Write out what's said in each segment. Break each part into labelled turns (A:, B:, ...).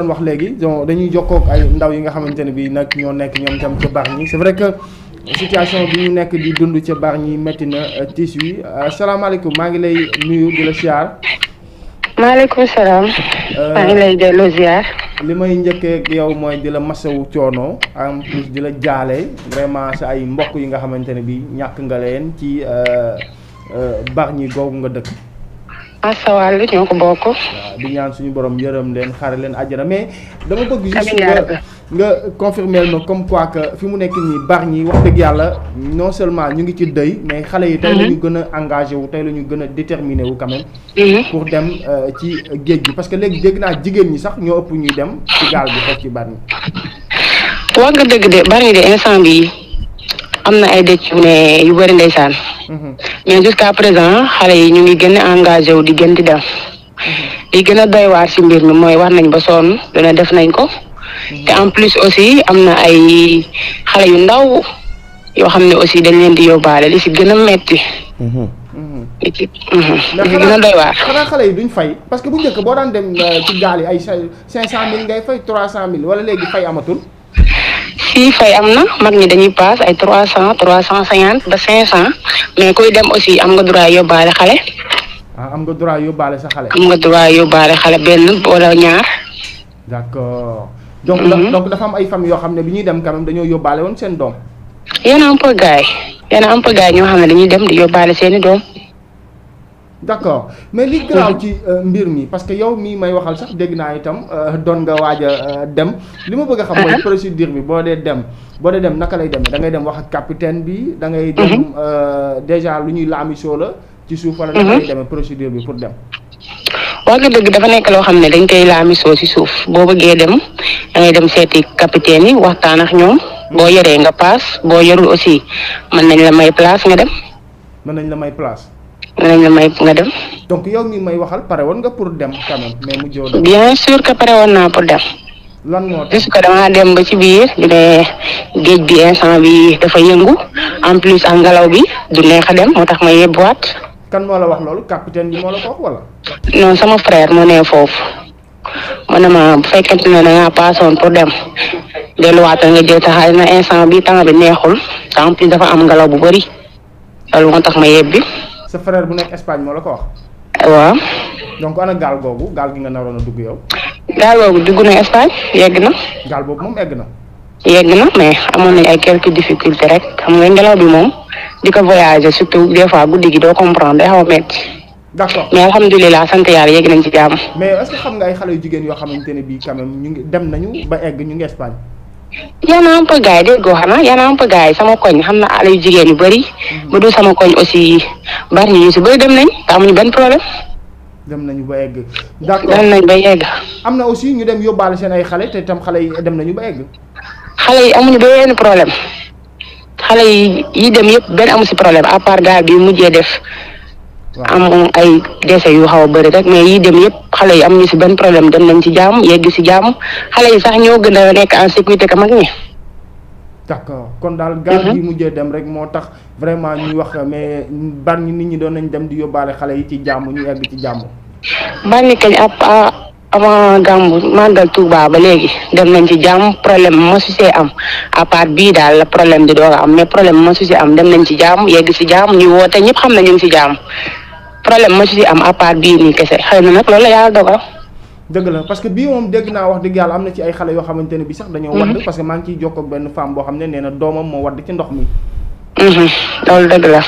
A: doon wax léegi donc dañuy jokkook ay ndaw yi nga xamante ne bi nag ñoo nekk ñoom tam ca baax ñi c'est vrai que situation bi ñu nekk di dund ca baax ñi métti na euh, tiis wi asalaamaaleykum euh, maa ngi lay nuyu di la siyaar
B: maaleykum salaam
A: euh, li may njëkkee ak yow mooy di la masawu coono en plus di la jaale vraiment sa ay mbokk yi nga xamante ne bi ñàkk nga leen ci baax ñi googu nga dëkk masa ah, wàll ñoo ko bokk. waaw di ñaan suñu borom yërëm leen xaare leen àjjana mais. dama bëgg juste nga nga confirmer ma comme quoi que fi mu nekk nii bari ñi wax dëgg yàlla non seulement ñu ngi ci dëy mais xale yi tey la ñu mhm. gën a engagé wu tey la ñu gën a déterminé wu quand même. Mhm. pour dem euh, ci géej gi parce que léegi dégg naa jigéen ñi sax ñoo ëpp ñuy dem ci gaal bi foofu ci bari ñi.
B: wax nga dëgg de bari de instant bii. am na ay dëcc yu ne yu bëri ndeysaan mhm. mais jusqu'à présent xale yi ñu ngi gën a engagé wu di gën di dem mhm. li gën a doy waar ci mbir mooy war nañ ba sonn lu ne def nañ ko mhm. te en plus aussi am na ay xale yu ndaw yoo xam ne aussi dañ leen di yóbbaale li ci gën a metti li ci gën a doy waar
A: xanaa xale yi duñ fay parce que bu njëkk boo daan dem euh, ci gaal yi ay cinq cent mille ngay fay trois cent mille wala léegi fay amatul
B: fii fay am na mag ñi dañuy paas ay trois cent trois cent cinquante ba cinq cent mais koy dem aussi am nga droit yóbbaale xale.
A: ah am nga droit yóbbaale sa xale. am nga
B: droit yóbbaale xale benn wala ñaar.
A: d'accord. donc donc mhm. dafa am ay famille yoo xam ne bi ñuy dem kanam dañoo yóbbaale woon seen doom.
B: yéen a am peu gars yi am peu yi ñoo xam ne dañuy dem di yóbbaale seeni doom.
A: d'accord mais li graaw ci euh, mbir mi parce que yow mii may waxal sax dégg naa itam euh, doon nga waaj a euh, dem li ma bëgg a xam mooy uh-huh. procédure bi boo dee dem boo dee dem naka lay dem da ngay dem wax ak capitaine bi da ngay dem uh-huh. déjà lu ñuy laamisoo la ci suuf wala naka lay uh-huh. demee procédure bi pour dem
B: wax nga dëgg dafa nekk loo xam ne dañ koy laamisoo ci suuf boo bëggee dem da ngay dem seeti capitaine yi waxtaan ak ñoom boo hmm. yoree nga paas boo yorul aussi mën nañ la may place nga dem
A: mën nañ la may place
B: danañ la may nga dem.
A: donc yow mi may waxal pare woon nga pour dem quand même mais mu jóo
B: bien sûr que pare woon naa pour dem. lan moo tax damaa dem ba ci biir ñu ne géej bi instant bi dafa yëngu en plus ak ngelaw bi du neex dem moo tax ma yebbuwaat.
A: kan moo la wax loolu bi moo la ko wax
B: wala. sama frère moo ne foofu mu ne ma bu fekkente ne da ngaa paasoon pour dem delluwaatal nga jël taxaar na instant bi temps bi neexul en plus dafa am ngelaw bu bëri loolu moo tax ma yebbi.
A: sa frère bu nekk Espagne moo la ko wax. waaw. donc ana gaal googu gaal gi nga naroon a dugg yow.
B: gaal googu dugg na Espagne yegg na.
A: gaal boobu moom egg na.
B: yegg na mais amoon nañ ay quelques difficultés rek xam nga ngelaw bi moom di ko voyager surtout des fois guddi gi doo comprendre day a métti. d'
A: accord mais alhamdulilah
B: sant yàlla yegg nañ ci
A: mais est xam nga xale yu jigéen yoo xamante ne bii quand même ñu dem nañu ba egg ñu ngi Espagne.
B: yana am pa gaay déggoo xanaa yana am pa gaay sama koñ xam na ala yu jigéen yu bari mm. ba du sama koñ aussi bari ñu si bëri dem nañ te amuñu benn
A: dem nañu ba egg d'accord dem nañ ba egg am na aussi ñu dem yóbbaale seen ay xale te tam xale yi dem nañu ba egg
B: xale yi amuñu benn problème xale yi yi dem yëpp benn amu si problème à part gaal bi mujjee def amoon ay dese yu xaw a bëri rek mais yi dem yëpp xale yi am ñu si benn problème dem nañ ci jàmm yegg si jàmm xale yi sax ñoo gën a nekk en sécurité ka mag ñi.
A: d'accord kon daal gaal yi mhm. mujjee dem rek moo tax vraiment ñuy wax mais ban nit ñi doon nañ dem di yóbbaale xale yi ci jàmm ñu yegg ci jàmm.
B: bànni kañ ab ah, avant gàmmu màggal Touba ba léegi dem nañ ci jàmm problème mosu see am à part bii daal la problème di doog am mais problème mosu am dem nañ ci jàmm yegg si jàmm ñu woote ñëpp xam na ñu si jàmm. problème ma ci am à part nii kese xëy na nag la yàlla dogal.
A: dëgg la parce que bii moom dëgg naa wax dëgg yàlla am na ci ay xale yoo xamante ne bi sax dañoo mhm. wadd parce que maa ngi ciy jokkoo ak benn femme boo xam ne nee doomam moo wadd ci ndox mi.
B: Mhm. loolu dëgg la.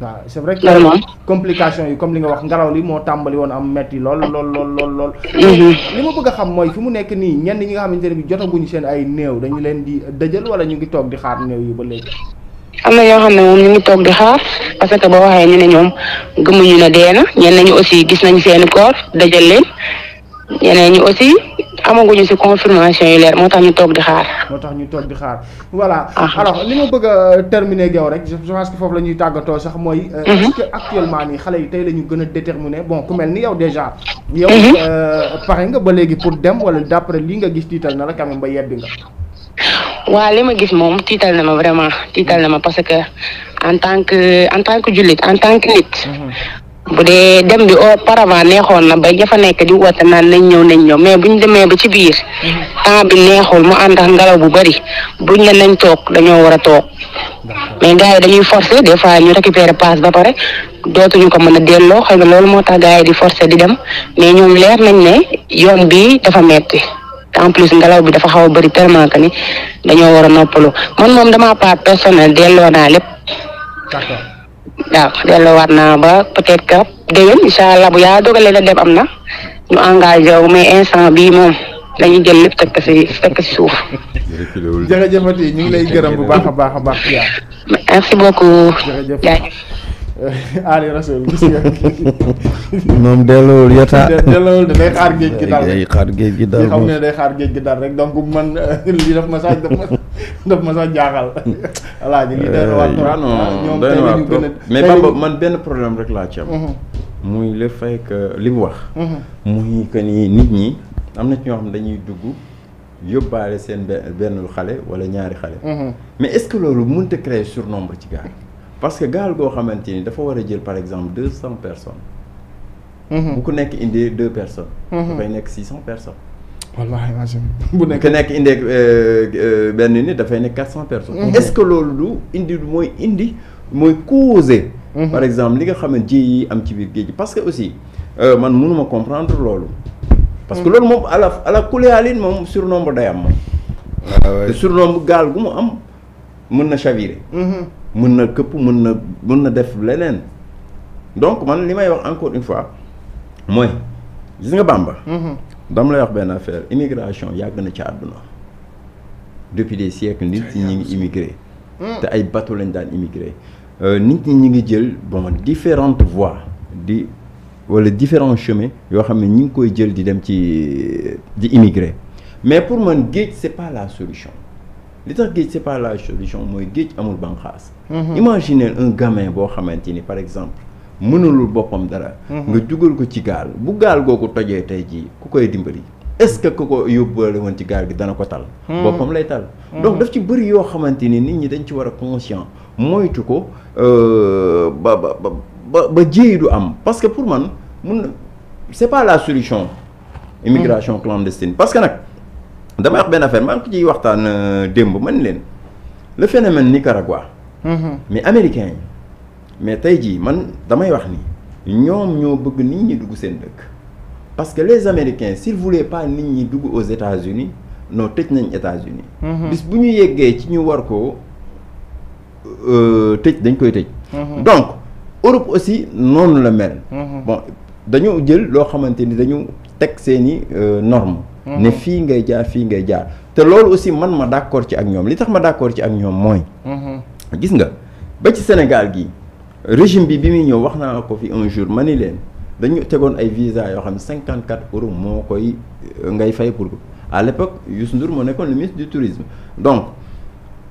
A: waaw c'est vrai complication yi comme li nga wax ngelaw li moo tàmbali woon am metti lool lool lool lool lool. Mhm. li ma bëgg a xam mooy fi mu nekk nii ñenn ñi nga xamante ne bi jotaguñu seen ay néew dañu leen di dëjël wala ñu ngi toog di xaar néew yi ba léegi.
B: am na yoo xam ne moom ñu ngi toog di xaar parce que boo waxee ñu ne ñoom gëmuñu na dee na ñenn ñi aussi gis nañ seeni corps dajal leen ñeneen ñi aussi amaguñu ci confirmation yu leer moo tax ñu toog di xaar.
A: moo tax ñu toog di xaar voilà. Ah. alors li ma bëgg a terminer yow rek je pense foofu la ñuy tàggatoo sax mooy. Euh, mhm. actuellement nii xale yi tey la ñu gën a déterminer bon ku mel ni yow déjà. Mhm. yow euh, pare nga ba léegi pour dem wala d'après li nga gis tiital na la quand même ba yebbi nga.
B: waa li ma gis moom tiital na ma vraiment tiital na ma parce que en tant que en tant que jullit en tan que nit. Mhm. bu dee dem bi auparavant neexoon na ba jafa nekk di woote naan nañ ñëw nañ ñëw mais bu ñu demee ba ci biir. Mhm. temps bi neexul mu ànd ak ngelaw bu bëri buñ ne nañ toog dañoo war a toog mais gars yi dañuy forcer des fois ñu récupérer passe ba pare dootuñu ko mën a delloo xëy na loolu moo tax gars yi di forcer di dem mais ñoom leer nañ ne yoon bi dafa metti en plus ngelaw bi dafa xaw a bëri tellement que ni dañoo war a noppalu man moom damaa part personnel delloo naa lépp. d'accord waaw delloowaat naa ba peut-être que déwén incha allah dem am na ñu engagé wu mais instant bii moom dañuy jël lépp teg ko si teg si suuf. jërëjëf ñu ngi lay bu baax a
A: baax a baax. merci beaucoup. aali rasul gis nga.
C: moom delloowul yota. delloowul day xaar géej gi daal day xaar géej gi daal
A: day xaar géej gi daal rek donc man lii daf ma sax daf ma daf ma sax jaaxal. voilà ñu ngi dellu
C: man benn problème rek laa ci am. Mhm. muy le fait que li mu wax. Mhm. muy que ni nit ñi am na ci ñoo xam dañuy dugg. yóbbaale seen benn benn xale wala ñaari xale. Mhm. mais est-ce que loolu mënut a créer surnombre ci gaal. parce que gaal goo xamante ni dafa war a jël par exemple deux cent personnes. Mhm. bu ku nekk indi deux personnes. Mhm. dafay nekk six cent personnes.
A: wallaahi imagine
C: bu nekk nekk indee euh, euh, benn nit dafay nekk quatre cent personnes. Mhm. est-ce que loolu du indi mooy indi mooy causer. par exemple li nga xaman ne yi am ci biir géej parce que aussi euh, man munuma comprendre loolu. parce que loolu moom ala ala kuleyaalin moom surnombre day am moom. Ah surnombre gaal gu mu am mën na chavirer. mën na këpp mën na mën na def leneen donc man li may wax encore une fois mooy gis nga Bamba. Mhm. dama lay wax benn affaire immigration yàgg na ci àdduna depuis des siècles nit ñi ngi immigré. Mhm. te ay bateau lañ daan immigré euh, nit ñi ñi ngi jël bon différentes voies di walla différents chemins yoo xam ne ñi ngi koy jël di dem ci di immigré mais pour man géej c'est pas la solution. li tax géej c'est la solution mooy géej amul banqaas
A: mhm. imaginez
C: un gamin boo xamante ni par exemple mënalul boppam dara mhm. nga dugal ko ci gaal bu gaal googu tojee tey jii ku koy dimbali est-ce que ku ko yóbbaale woon ci gaal gi dana ko tal mhm. boppam lay tal donc daf ci bëri yoo xamante nii nit ñi dañ ci war a conscient moytu ko euh, ba ba ba ba jéey du am parce que pour man mun c'est pas la solution immigration clandestine parce que nag damay wax benn affaire maa ngi ko ciy waxtaan euh, démb man leen le phénomène Nicaragua. Mm-hmm. mais américain yi mais tey jii man damay wax ni ñoom ñoo bëgg nit ñi dugg seen dëkk parce que les américains s'ils voulaient pas nit ñi dugg aux États-Unis non tëj nañ États-Unis mm-hmm. bis bu ñu yeggee ci ñu war ko euh, tëj dañ koy tëj mm-hmm. donc Europe aussi noonu la mel bon dañu jël loo xamante ni dañu teg seeni euh, normes ne fii ngay jaar fii ngay jaar te loolu aussi man ma d'accord ci ak ñoom li tax ma d'accord ci ak ñoom mooy mhm. gis nga ba Sénégal gi régime bi bi muy ñëw wax naa ko fi un jour ma ni leen dañu tegoon ay visa yoo xam ne cinquante quatre euros moo koy euh, ngay fay pour à l'époque Youssou Ndour moo nekkoon le ministre du tourisme donc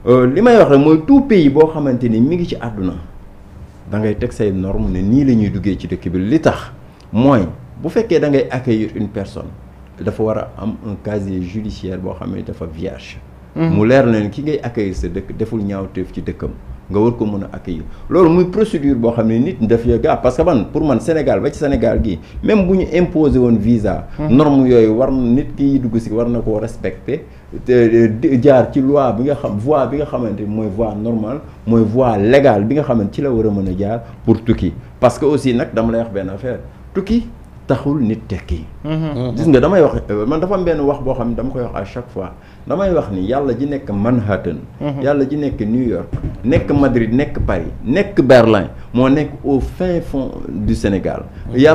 C: euh, li may wax rek mooy tout pays boo xamante ni mi ngi ci àdduna da ngay teg say norme ne nii la ñuy duggee ci dëkk bi li tax mooy bu fekkee da ngay accueillir une personne dafa war a am un casier judiciaire boo xam ne dafa vierge. Mhm. mu leer leen ki ngay accueillir sa dëkk deful ñaaw ñaawteef ci dëkkam nga war ko mën a accueillir loolu muy procédure boo xam ne nit daf yo gaa parce que pour man Sénégal ba ci Sénégal gi même bu ñu imposé woon visa mhm. norme yooyu war nit ki dugg si war na koo respecter jaar ci loi bi nga xam voie bi nga xamante mooy voie normal mooy voie légal bi nga xamante ci la war a mën a jaar pour tukki parce que aussi nag dama lay wax benn affaire tukki taxul nit tekki.
A: Mm-hmm. gis nga
C: damay wax euh, man dafa am benn wax boo xam ne dama koy wax à chaque fois damay wax ni yàlla ji nekk Manhattan. Mm-hmm. yàlla ji nekk New York. nekk Madrid nekk Paris nekk Berlin moo nekk au fin fond du Sénégal. Mm-hmm.